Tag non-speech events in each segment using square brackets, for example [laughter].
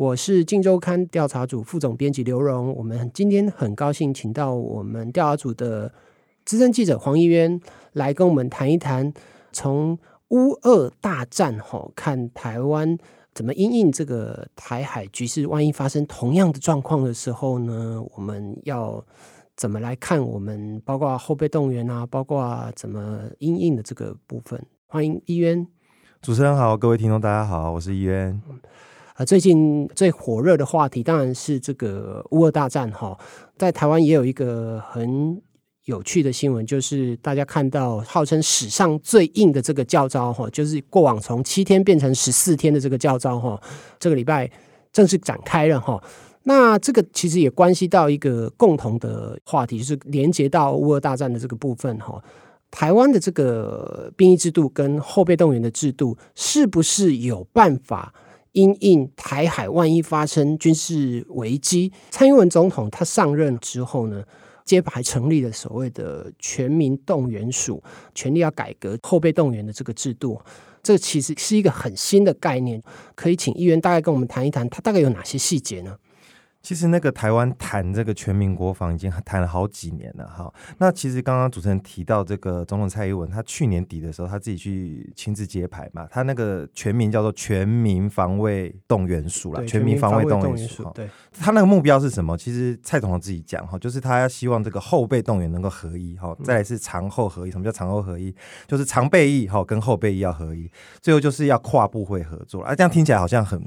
我是《鏡週刊》調查組副總編輯劉榮，我們今天很高興請到我們調查組的資深記者黃一淵來跟我們談一談，從烏俄大戰後，看台灣怎麼因應這個台海局勢，萬一發生同樣的狀況的時候呢，我們要怎麼來看？我們包括後備動員啊，包括怎麼因應的這個部分。歡迎一淵，主持人好，各位聽眾大家好，我是一淵。最近最火熱的話題當然是這個烏俄大戰哈，在台灣也有一個很有趣的新聞，就是大家看到號稱史上最硬的這個教召哈，就是過往從七天變成十四天的這個教召哈，這個禮拜正式展開了哈。那這個其實也關係到一個共同的話題，就是連接到烏俄大戰的這個部分哈，台灣的這個兵役制度跟後備動員的制度是不是有辦法？因應台海萬一發生軍事危機，蔡英文總統他上任之後呢，揭牌成立了所謂的全民動員署，全力要改革後備動員的這個制度。這其實是一個很新的概念，可以請議員大概跟我們談一談，它大概有哪些細節呢？其實那個台灣談這個全民國防已經談了好幾年了哈。那其實剛剛主持人提到這個總統蔡英文，他去年底的時候他自己去親自揭牌嘛。他那個全名叫做全民防衛動員署了，全民防衛動員署。對，他那個目標是什麼？其實蔡總統自己講哈，就是他要希望這個後備動員能夠合一哈，再來是常後合一、嗯。什麼叫常後合一？就是常備役哈跟後備役要合一，最後就是要跨部會合作。哎，這樣聽起來好像很。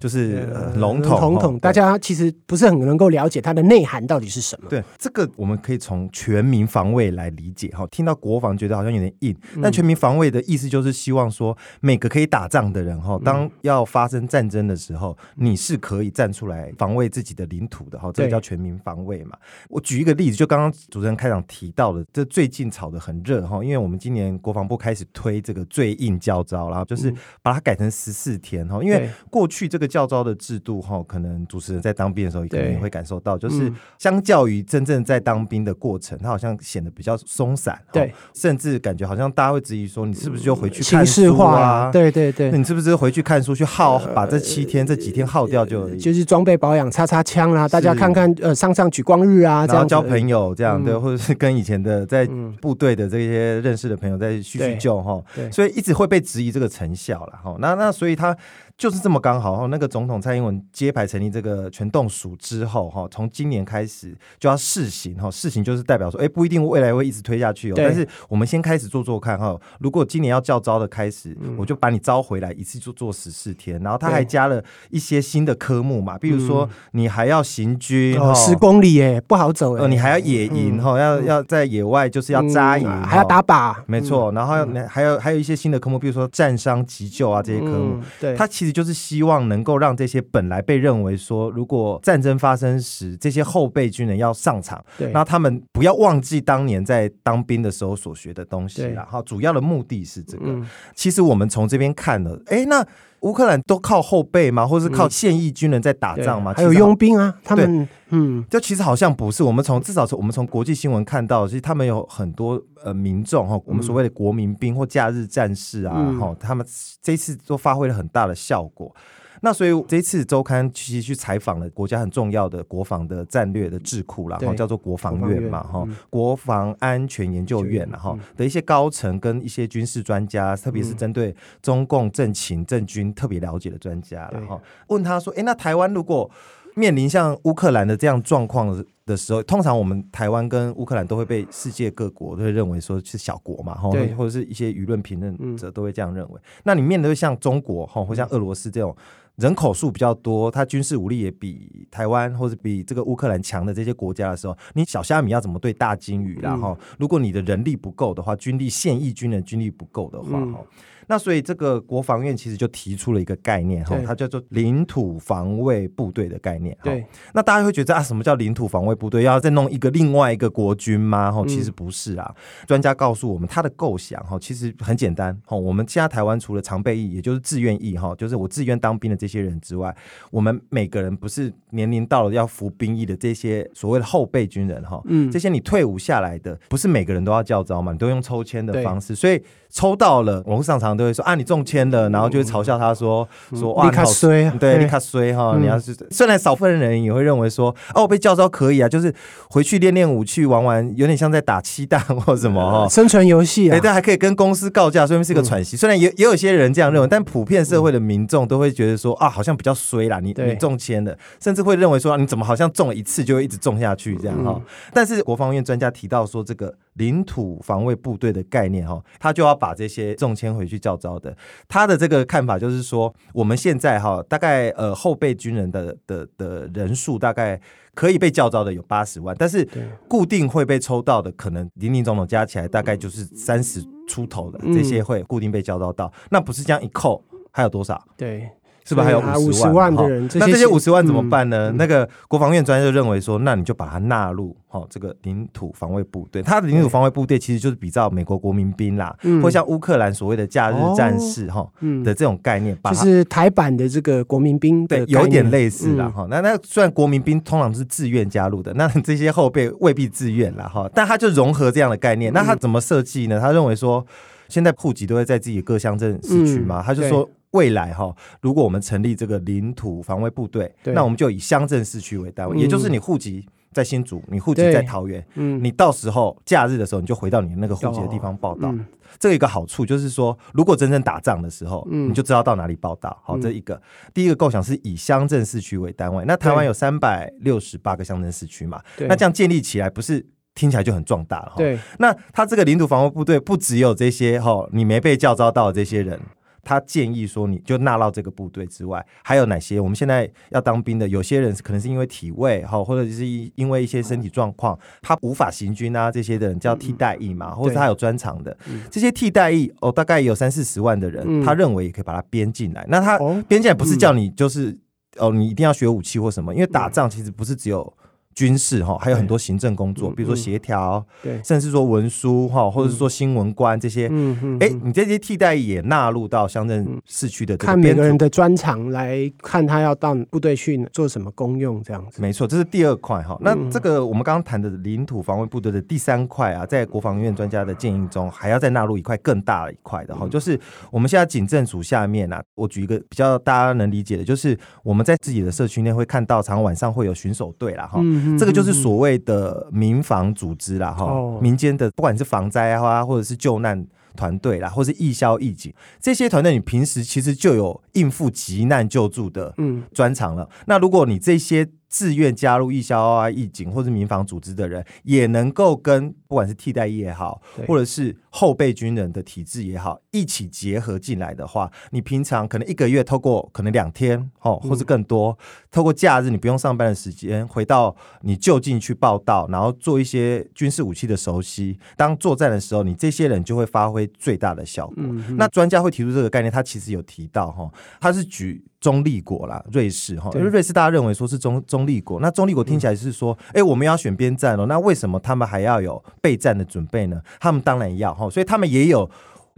就是籠、呃、統，籠統、哦，大家其實不是很能夠了解它的內涵到底是什麼？對這個，我們可以從全民防衛來理解哈。聽到國防覺得好像有點硬、嗯，但全民防衛的意思就是希望說每個可以打仗的人哈，當要發生戰爭的時候、嗯，你是可以站出來防衛自己的領土的哈。這個、叫全民防衛嘛。我舉一個例子，就剛剛主持人開場提到的，這最近吵得很熱哈，因為我們今年國防部開始推這個最硬教召，然後就是把它改成十四天哈，因為過去這個。教召的制度哈，可能主持人在當兵的時候，可能也會感受到，就是相較於真正在當兵的過程，他、嗯、好像顯得比較鬆散，對、哦，甚至感覺好像大家會質疑說，嗯、你是不是就回去看書啊？情化，對對對，那你是不是回去看書去耗？對對對，把這七天、呃、這幾天耗掉，就就是裝備保養叉叉叉、啊、擦擦槍啦，大家看看呃，上上莒光日啊，這樣交朋友這樣、嗯、對，或者是跟以前的在部隊的這些認識的朋友在敘敘舊哈，所以一直會被質疑這個成效了哈、哦。那那所以他。就是這麼剛好，哈，那個總統蔡英文揭牌成立這個全動署之後，哈，從今年開始就要試行，哈，試行就是代表說，哎，不一定未來會一直推下去哦，但是我們先開始做做看，哈，如果今年要教召的開始、嗯，我就把你召回來，一次就做十四天、嗯，然後他還加了一些新的科目嘛，比如說你還要行軍，嗯哦、十公里耶，哦、不好走，哦、呃，你還要野營，哈、嗯，要、嗯、要在野外就是要扎營，嗯啊、還要打靶，沒錯，嗯嗯、然後還有還有一些新的科目，比如說戰傷急救啊這些科目，嗯、對，他其實。就是希望能夠讓這些本來被認為說，如果戰爭發生時，這些後備軍人要上場，那他們不要忘記當年在當兵的時候所學的東西。然後，主要的目的是這個。嗯、其實我們從這邊看了，哎、欸，那。烏克蘭都靠後備嗎？或是靠現役軍人在打仗嗎？嗯、還有傭兵啊，他們，嗯，就其實好像不是。我們從至少從我們從國際新聞看到，其實他們有很多呃民眾哈、哦，我們所謂的國民兵、嗯、或假日戰士啊，哈、嗯哦，他們這次都發揮了很大的效果。那所以這一次周刊其實去採訪了國家很重要的國防的戰略的智庫然後叫做國防院嘛，哈、嗯喔，國防安全研究院然後、嗯喔、的一些高層跟一些軍事專家，嗯、特別是針對中共政情政軍特別了解的專家，然後、喔、問他說：“哎、欸，那台灣如果面臨像烏克蘭的這樣狀況的時候，通常我們台灣跟烏克蘭都會被世界各國都會認為說是小國嘛，哈、喔，或者是一些輿論評論者都會這樣認為。嗯、那你面對像中國哈、喔、或像俄羅斯這種？”嗯人口數比較多，它軍事武力也比台灣或者比這個烏克蘭強的這些國家的時候，你小蝦米要怎麼對大鯨魚？然後，如果你的人力不夠的話，軍力現役軍人的軍力不夠的話，哈、嗯。那所以這個國防院其實就提出了一個概念哈、哦，它叫做領土防衛部隊的概念、哦。哈，那大家會覺得啊，什麼叫領土防衛部隊？要再弄一個另外一個國軍嗎？哈、哦，其實不是啊、嗯。專家告訴我們，他的構想哈、哦，其實很簡單哈、哦。我們現在台灣除了常備役，也就是志願役哈、哦，就是我自願當兵的這些人之外，我們每個人不是年齡到了要服兵役的這些所謂的後備軍人哈、哦，嗯，這些你退伍下來的，不是每個人都要教召嘛？你都用抽籤的方式，所以抽到了，我們上場。都會說啊，你中籤了，然後就會嘲笑他說、嗯、說哇，啊、你好你衰對，對，卡衰哈、嗯。你要是雖然少部分的人也會認為說哦、啊，我被叫召可以啊，就是回去練練武器，去玩玩，有點像在打漆彈或什麼哈、嗯哦，生存遊戲啊。但、欸、還可以跟公司告假，說明是個喘息。嗯、雖然也也有些人這樣認為，嗯、但普遍社會的民眾都會覺得說啊，好像比較衰啦。你你中籤的，甚至會認為說你怎麼好像中了一次就會一直中下去這樣哈、嗯。但是國防院專家提到說，這個領土防衛部隊的概念哈，他就要把這些中籤回去叫。叫召的，他的這個看法就是說，我們現在哈，大概呃後備軍人的的的人數大概可以被叫召的有八十萬，但是固定會被抽到的，可能林林總總加起來大概就是三十出頭的這些會固定被叫召到，到、嗯，那不是這樣一扣還有多少？對。是不是還有五十萬、啊萬？那這些五十萬怎麼辦呢？嗯、那個國防院專家就認為說，那你就把它納入哈這個領土防衛部隊。它的領土防衛部隊其實就是比照美國國民兵啦，嗯、或像烏克蘭所謂的假日戰士哈、哦、的這種概念，就是台版的這個國民兵，對，有點類似了哈。那那雖然國民兵通常是自願加入的、嗯，那這些後備未必自願了哈，但他就融合這樣的概念。嗯、那他怎麼設計呢？他認為說，現在戶籍都會在自己各鄉鎮市區嘛，他就說。未來哈、哦，如果我們成立這個領土防衛部隊，那我們就以鄉鎮市區為單位，嗯，也就是你戶籍在新竹，你戶籍在桃園，嗯，你到時候假日的時候你就回到你那個戶籍的地方報到，哦嗯。這個，一個好處就是說，如果真正打仗的時候，嗯，你就知道到哪裡報到。好，嗯，這一個第一個構想是以鄉鎮市區為單位。嗯，那台灣有三百六十八個鄉鎮市區嘛？那這樣建立起來不是聽起來就很壯大了哦？那他這個領土防衛部隊不只有這些哈，哦？你沒被叫召到的這些人。他建議說，你就納到這個部隊之外，還有哪些？我們現在要當兵的，有些人可能是因為體位哈，或者是因為一些身體狀況，他無法行軍啊，這些的人叫替代役嘛，嗯、或者他有專長的、嗯，這些替代役哦，大概有三四十萬的人，嗯、他認為也可以把它編進來。那他編進來不是叫你就是、嗯、哦，你一定要學武器或什麼，因為打仗其實不是只有。軍事哈，還有很多行政工作，嗯嗯、比如說協調，對，甚至說文書哈，或者是說新聞官這些，哎、嗯嗯嗯欸，你這些替代也納入到鄉鎮市區的，看每個人的專長來看，他要到部隊去做什麼功用這樣子，沒錯，這是第二塊哈、嗯。那這個我們剛剛談的領土防衛部隊的第三塊啊，在國防院專家的建議中，還要再納入一塊更大一塊的哈、嗯，就是我們現在警政署下面啊，我舉一個比較大家能理解的，就是我們在自己的社區內會看到，常晚上會有巡守隊啦哈。嗯這個就是所謂的民防組織啦，哈、哦，民間的不管是防災啊，或者是救難團隊啦，或是義消義警，這些團隊你平時其實就有應付急難救助的專長了。嗯、那如果你這些自願加入義消啊、義警或者民防組織的人，也能夠跟不管是替代役也好，或者是後備軍人的體製也好，一起結合進來的話，你平常可能一個月透過可能兩天哦，或是更多，透過假日你不用上班的時間，回到你就近去報到，然後做一些軍事武器的熟悉。當作戰的時候，你這些人就會發揮最大的效果。那專家會提出這個概念，他其實有提到哈，他是舉。中立國啦，瑞士哈，因為瑞士大家認為說是中中立國，那中立國聽起來是說，哎、嗯欸，我們要選邊站嘍，那為什麼他們還要有備戰的準備呢？他們當然要哈，所以他們也有。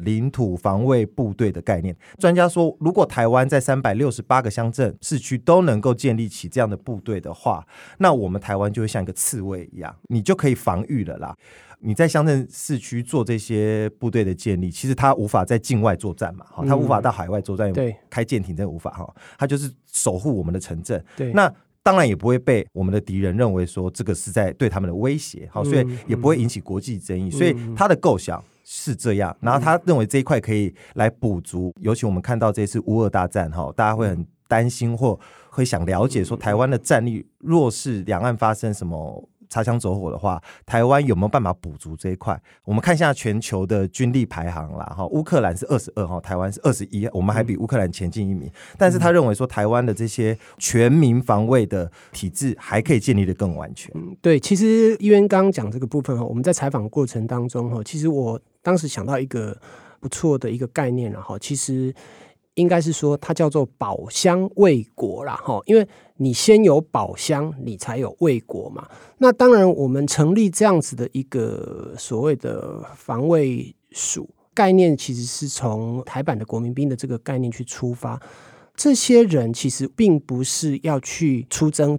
領土防衛部隊的概念，專家說，如果台灣在三百六十八個鄉鎮市區都能夠建立起這樣的部隊的話，那我們台灣就會像一個刺蝟一樣，你就可以防御了啦。你在鄉鎮市區做這些部隊的建立，其實它無法在境外作戰嘛，哈、嗯，它無法到海外作戰，對，開艦艇也無法哈，它就是守護我們的城鎮。對，那當然也不會被我們的敵人認為說這個是在對他們的威脅，好、嗯哦，所以也不會引起國際爭議。嗯、所以他的構想。是這樣，然後他認為這一塊可以來補足。嗯、尤其我們看到這次烏俄大戰哈，大家會很擔心或會想了解，說台灣的戰力，若是兩岸發生什麼擦槍走火的話，台灣有沒有辦法補足這一塊？我們看一下全球的軍力排行啦，哈，烏克蘭是二十二，哈，台灣是二十一，我們還比烏克蘭前進一名。嗯、但是他認為說，台灣的這些全民防衛的體制還可以建立得更完全。嗯，對，其實伊恩剛剛講這個部分哈，我們在採訪的過程當中哈，其實我。當時想到一個不錯的一個概念，然後其實應該是說它叫做“保鄉衛國”了哈，因為你先有保鄉，你才有衛國嘛。那當然，我們成立這樣子的一個所謂的防衛署概念，其實是從台版的國民兵的這個概念去出發。這些人其實並不是要去出征。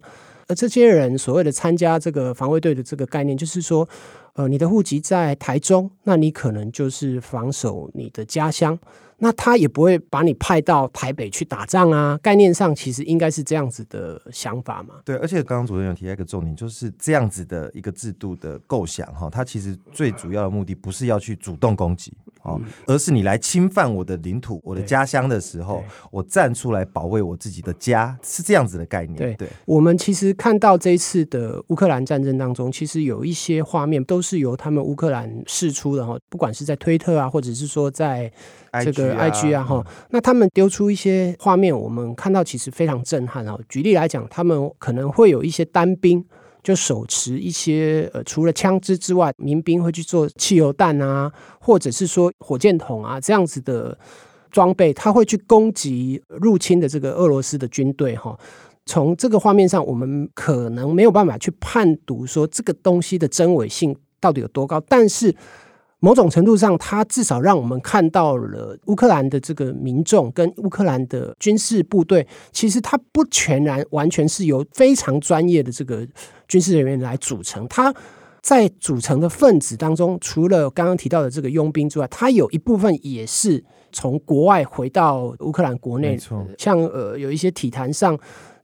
這些人所謂的參加這個防衛隊的這個概念，就是說，呃，你的戶籍在台中，那你可能就是防守你的家鄉，那他也不會把你派到台北去打仗啊。概念上其實應該是這樣子的想法嘛。對，而且剛剛主任有提到一個重點，就是這樣子的一個制度的構想哈，他其實最主要的目的不是要去主動攻擊。哦，而是你來侵犯我的領土，我的家鄉的時候，我站出來保衛我自己的家，是這樣子的概念，對。對，我們其實看到這一次的烏克蘭戰爭當中，其實有一些畫面都是由他們烏克蘭釋出的哈，不管是在推特啊，或者是說在這個 IG 啊哈，那他們丟出一些畫面，我們看到其實非常震撼哈。舉例來講，他們可能會有一些單兵。就手持一些呃，除了槍支之外，民兵會去做汽油彈啊，或者是說火箭筒啊，這樣子的裝備，它會去攻擊入侵的這個俄羅斯的軍隊哈。從這個畫面上，我們可能沒有辦法去判讀說這個東西的真偽性到底有多高，但是某種程度上，它至少讓我們看到了烏克蘭的這個民眾跟烏克蘭的軍事部隊，其實它不全然完全是由非常專業的這個。軍事人員來組成，他在組成的分子當中，除了剛剛提到的這個傭兵之外，他有一部分也是從國外回到烏克蘭國內，沒錯。呃。像呃，有一些體壇上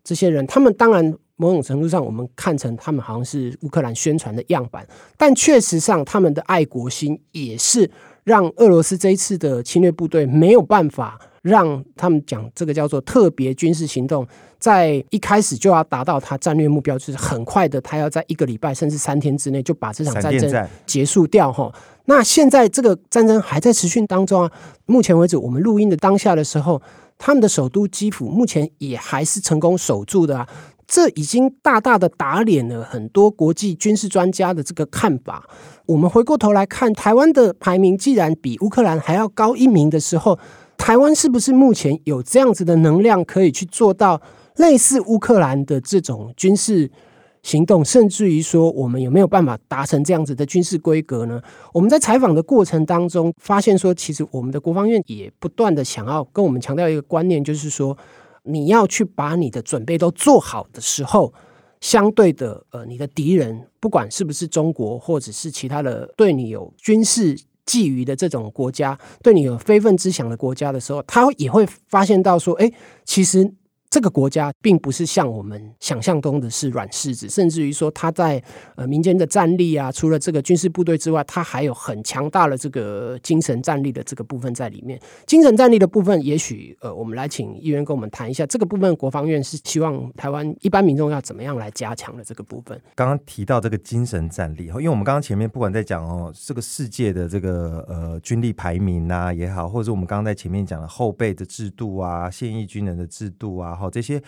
這些人，他們當然某種程度上我們看成他們好像是烏克蘭宣傳的樣板，但確實上他們的愛國心也是讓俄羅斯這一次的侵略部隊沒有辦法。讓他們講這個叫做特別軍事行動，在一開始就要達到他戰略目標，就是很快的，他要在一個禮拜甚至三天之內就把這場戰爭結束掉。吼，那現在這個戰爭還在持續當中啊。目前為止，我們錄音的當下的時候，他們的首都基輔目前也還是成功守住的啊，這已經大大的打臉了很多國際軍事專家的這個看法。我們回過頭來看，台灣的排名既然比烏克蘭還要高一名的時候。台灣是不是目前有這樣子的能量，可以去做到類似烏克蘭的這種軍事行動？甚至於說，我們有沒有辦法達成這樣子的軍事規格呢？我們在採訪的過程當中，發現說，其實我們的國防院也不斷的想要跟我們強調一個觀念，就是說，你要去把你的準備都做好的時候，相對的，呃，你的敵人不管是不是中國，或者是其他的對你有軍事覬覦的這種國家，對你有非分之想的國家的時候，他也會發現到說，哎，其實。這個國家並不是像我們想象中的是軟柿子，甚至於說它在呃民間的戰力啊，除了這個軍事部隊之外，它還有很強大的這個精神戰力的這個部分在裡面。精神戰力的部分，也許呃，我們來請議員跟我們談一下這個部分。國防院是希望台灣一般民眾要怎麼樣來加強的這個部分？剛剛提到這個精神戰力，因為我們剛剛前面不管在講哦，這個世界的這個呃軍力排名啊也好，或者是我們剛剛在前面講的後備的制度啊、現役軍人的制度啊。好，這些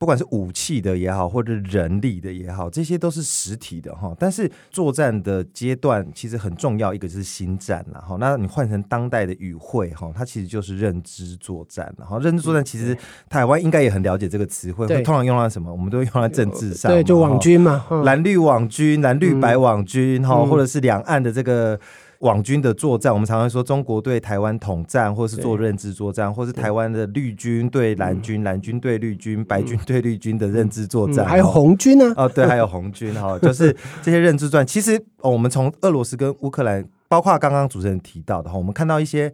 不管是武器的也好，或者人力的也好，這些都是實體的哈。但是作戰的階段其實很重要，一個就是心戰，然後那你換成當代的語彙哈，它其實就是認知作戰。然後認知作戰，其實台灣應該也很了解這個詞彙，會通常用在什麼？我們都用在政治上，對，哦、就網軍嘛、嗯，藍綠網軍、藍綠白網軍哈、嗯，或者是兩岸的這個。網軍的作戰，我們常常說中國對台灣統戰，或是做認知作戰，或是台灣的綠軍對藍軍，嗯、藍軍對綠軍、嗯，白軍對綠軍的認知作戰，嗯嗯、還有紅軍呢、啊？哦，對，還有紅軍哈、 [laughs] 哦，就是這些認知作戰。其實、哦、我們從俄羅斯跟烏克蘭，包括剛剛主持人提到的哈，我們看到一些。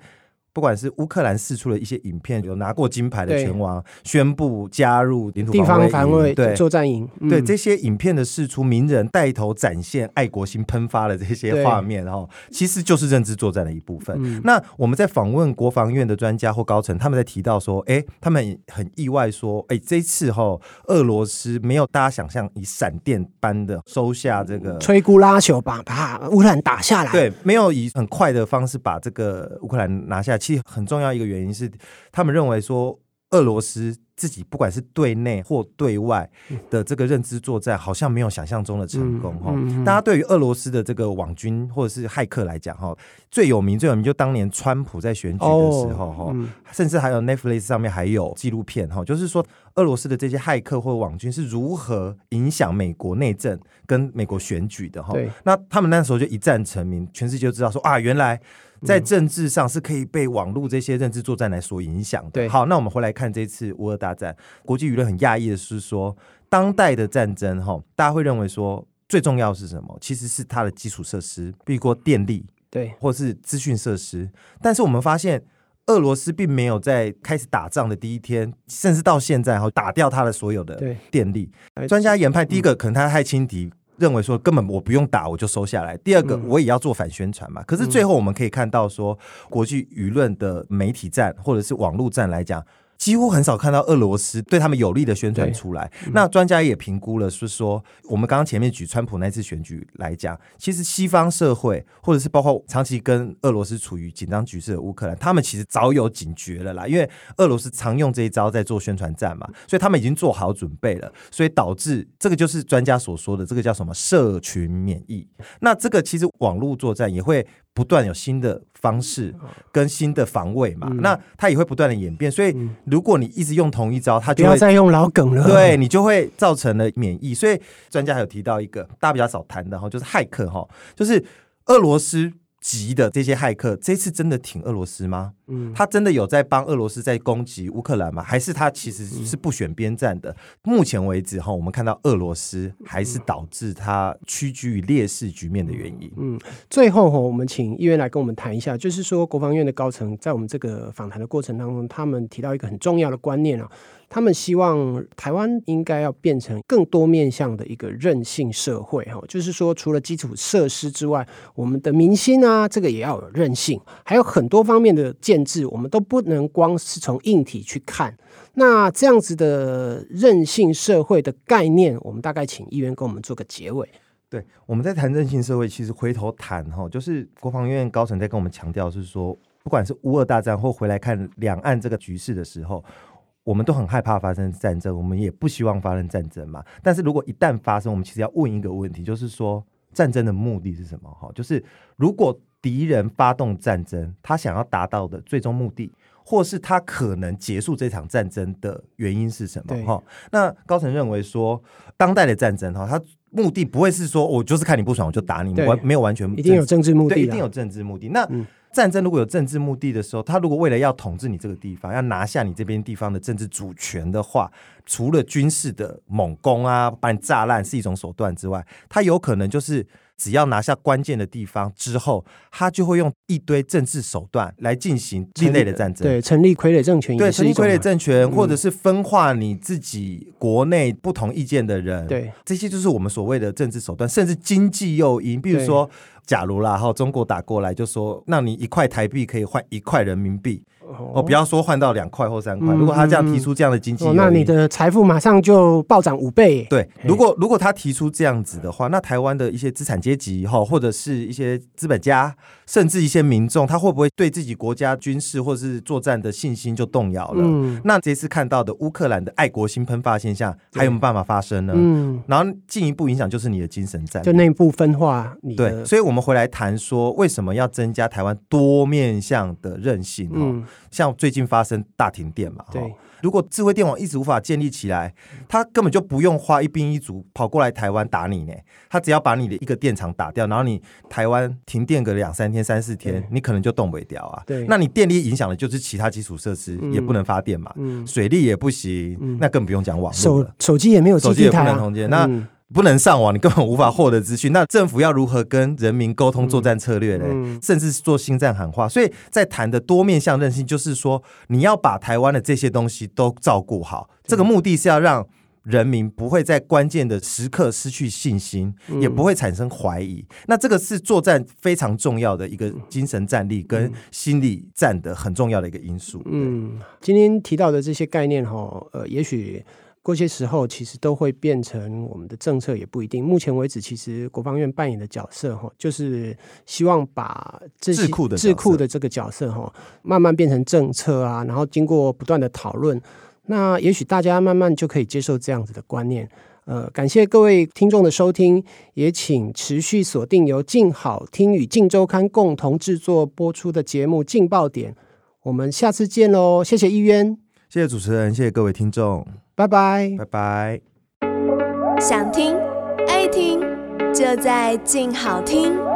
不管是烏克蘭釋出了一些影片，有拿過金牌的拳王宣布加入領土防衛、嗯、作戰營，對、嗯、對這些影片的釋出，名人帶頭展現愛國心，噴發的這些畫面，然後其實就是認知作戰的一部分。嗯、那我們在訪問國防院的專家或高層，他們在提到說，哎、欸，他們很意外，說，哎、欸，這次哈、喔，俄羅斯沒有大家想象，以閃電般的收下這個摧枯拉朽把把烏克蘭打下來，對，沒有以很快的方式把這個烏克蘭拿下去。其實很重要一個原因是，他們認為說，俄羅斯自己不管是對內或對外的這個認知作戰，好像沒有想象中的成功哈。大家對於俄羅斯的這個網軍或者是駭客來講哈，最有名最有名就當年川普在選舉的時候哈，甚至還有 Netflix 上面還有紀錄片哈，就是說俄羅斯的這些駭客或網軍是如何影響美國內政跟美國選舉的哈。那他們那時候就一戰成名，全世界就知道說啊，原來。在政治上是可以被網絡這些認知作戰來所影響的。對，好，那我們回來看這一次烏俄大戰，國際輿論很訝異的是說，當代的戰爭齁，大家會認為說最重要的是什麼？其實是它的基礎設施，比如說電力，對，或是資訊設施。但是我們發現，俄羅斯並沒有在開始打仗的第一天，甚至到現在齁，打掉它的所有的電力。專家研判，第一個、嗯、可能它太輕敵。認為說根本我不用打，我就收下來。第二個我也要做反宣傳嘛。可是最後我們可以看到說，國際輿論的媒體戰或者是網絡戰來講。幾乎很少看到俄羅斯對他們有利的宣傳出來。嗯、那專家也評估了，是說我們剛剛前面舉川普那次選舉來講，其實西方社會或者是包括長期跟俄羅斯處於緊張局勢的烏克蘭，他們其實早有警覺了啦，因為俄羅斯常用這一招在做宣傳戰嘛，所以他們已經做好準備了。所以導致這個就是專家所說的這個叫什麼社群免疫。那這個其實網絡作戰也會。不斷有新的方式跟新的防衛嘛、嗯，那它也會不斷的演變。所以如果你一直用同一招，它就不要再用老梗了，對你就會造成了免疫。所以專家還有提到一個大家比較少談的哈，就是駭客哈，就是俄羅斯。急的這些駭客，這次真的挺俄羅斯嗎？嗯，他真的有在幫俄羅斯在攻擊烏克蘭嗎？還是他其實是不選邊站的？嗯、目前為止哈，我們看到俄羅斯還是導致他屈居於劣勢局面的原因。嗯，最後哈，我們請議員來跟我們談一下，就是說國防院的高層在我們這個訪談的過程當中，他們提到一個很重要的觀念啊。他們希望台灣應該要變成更多面向的一個韌性社會，哈，就是說除了基礎設施之外，我們的民心啊，這個也要有韌性，還有很多方面的建制，我們都不能光是從硬體去看。那這樣子的韌性社會的概念，我們大概請議員跟我們做個結尾。對，我們在談韌性社會，其實回頭談哈，就是國防院高層在跟我們強調，是說不管是烏俄大戰，或回來看兩岸這個局勢的時候。我們都很害怕發生戰爭，我們也不希望發生戰爭嘛。但是如果一旦發生，我們其實要問一個問題，就是說戰爭的目的是什麼？哈，就是如果敵人發動戰爭，他想要達到的最終目的，或是他可能結束這場戰爭的原因是什麼？哈，那高層認為說，當代的戰爭哈，他目的不會是說，我就是看你不爽我就打你，完沒有完全一定有政治目的。對，一定有政治目的。那。嗯戰爭如果有政治目的的時候，他如果為了要統治你這個地方，要拿下你這邊地方的政治主權的話，除了軍事的猛攻啊，把你炸爛是一種手段之外，他有可能就是只要拿下關鍵的地方之後，他就會用一堆政治手段來進行境內的戰爭，對，成立傀儡政權也是、啊，對，成立傀儡政權，或者是分化你自己國內不同意見的人，嗯、對，這些就是我們所謂的政治手段，甚至經濟誘因，比如說。假如啦，哈，中國打過來就說，那你一塊台幣可以換一塊人民幣，哦，不、哦、要說換到兩塊或三塊、嗯。如果他這樣提出這樣的經濟、哦，那你的財富馬上就暴漲五倍。對，如果如果他提出這樣子的話，那台灣的一些資產階級哈，或者是一些資本家，甚至一些民眾，他會不會對自己國家軍事或者是作戰的信心就動搖了、嗯？那這次看到的烏克蘭的愛國心噴發現象，還有沒有辦法發生呢？嗯，然後進一步影響就是你的精神戰，就內部分化。對，所以我們。我們回來談說，為什麼要增加台灣多面向的韌性？哦，像最近發生大停電嘛，對。如果智慧電網一直無法建立起來，他、嗯、根本就不用花一兵一卒跑過來台灣打你呢。他只要把你的一個電廠打掉，然後你台灣停電個兩三天、三四天，嗯、你可能就動不掉啊。對。那你電力影響的就是其他基礎設施、嗯、也不能發電嘛，嗯、水力也不行，嗯、那更不用講網絡了。手手機也沒有，啊、手機也不能通電。啊嗯、那不能上網，你根本無法獲得資訊。那政府要如何跟人民溝通作戰策略呢？嗯嗯、甚至做心戰喊話。所以在談的多面向韌性，就是說你要把台灣的這些東西都照顧好。這個目的是要讓人民不會在關鍵的時刻失去信心，也不會產生懷疑、嗯。那這個是作戰非常重要的一個精神戰力跟心理戰的很重要的一個因素。嗯，今天提到的這些概念，哈，呃，也許。過些時候，其實都會變成我們的政策，也不一定。目前為止，其實國防院扮演的角色，就是希望把智庫的智庫的這個角色，慢慢變成政策啊。然後經過不斷的討論，那也許大家慢慢就可以接受這樣子的觀念。呃，感謝各位聽眾的收聽，也請持續鎖定由鏡好聽與鏡週刊共同制作播出的節目《鏡爆點》，我們下次見嘍！謝謝伊淵。謝謝主持人，謝謝各位聽眾，拜拜，拜拜。想聽,愛聽，就在鏡好聽。